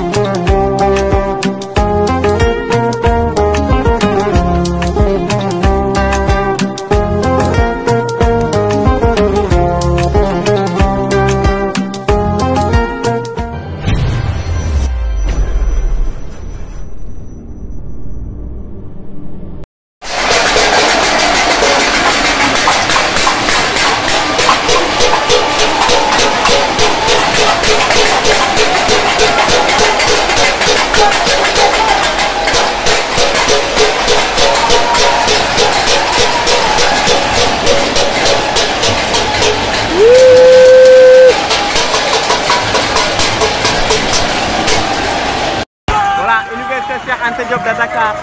Thank you. Cheikh Anta Diop de Dakar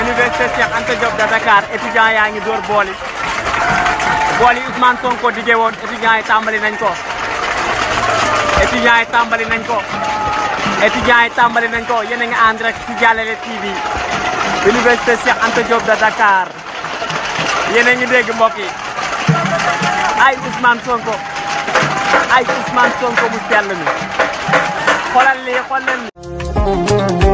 université Cheikh Anta Diop de Dakar étudiants yaa ngi dóor bool yi bool yi Ousmane Sonko dige woon étudiants yi tàmbali nañ ko étudiants yi tàmbali nañ ko étudiants yi tàmbali nañ ko yéen a ngi en direct ci Dialele TV université Cheikh Anta Diop de Dakar yéen a ngi dégg mbokk yi ay Ousmane Sonko ay Ousmane Sonko mu sell mi xoolal lii xool leen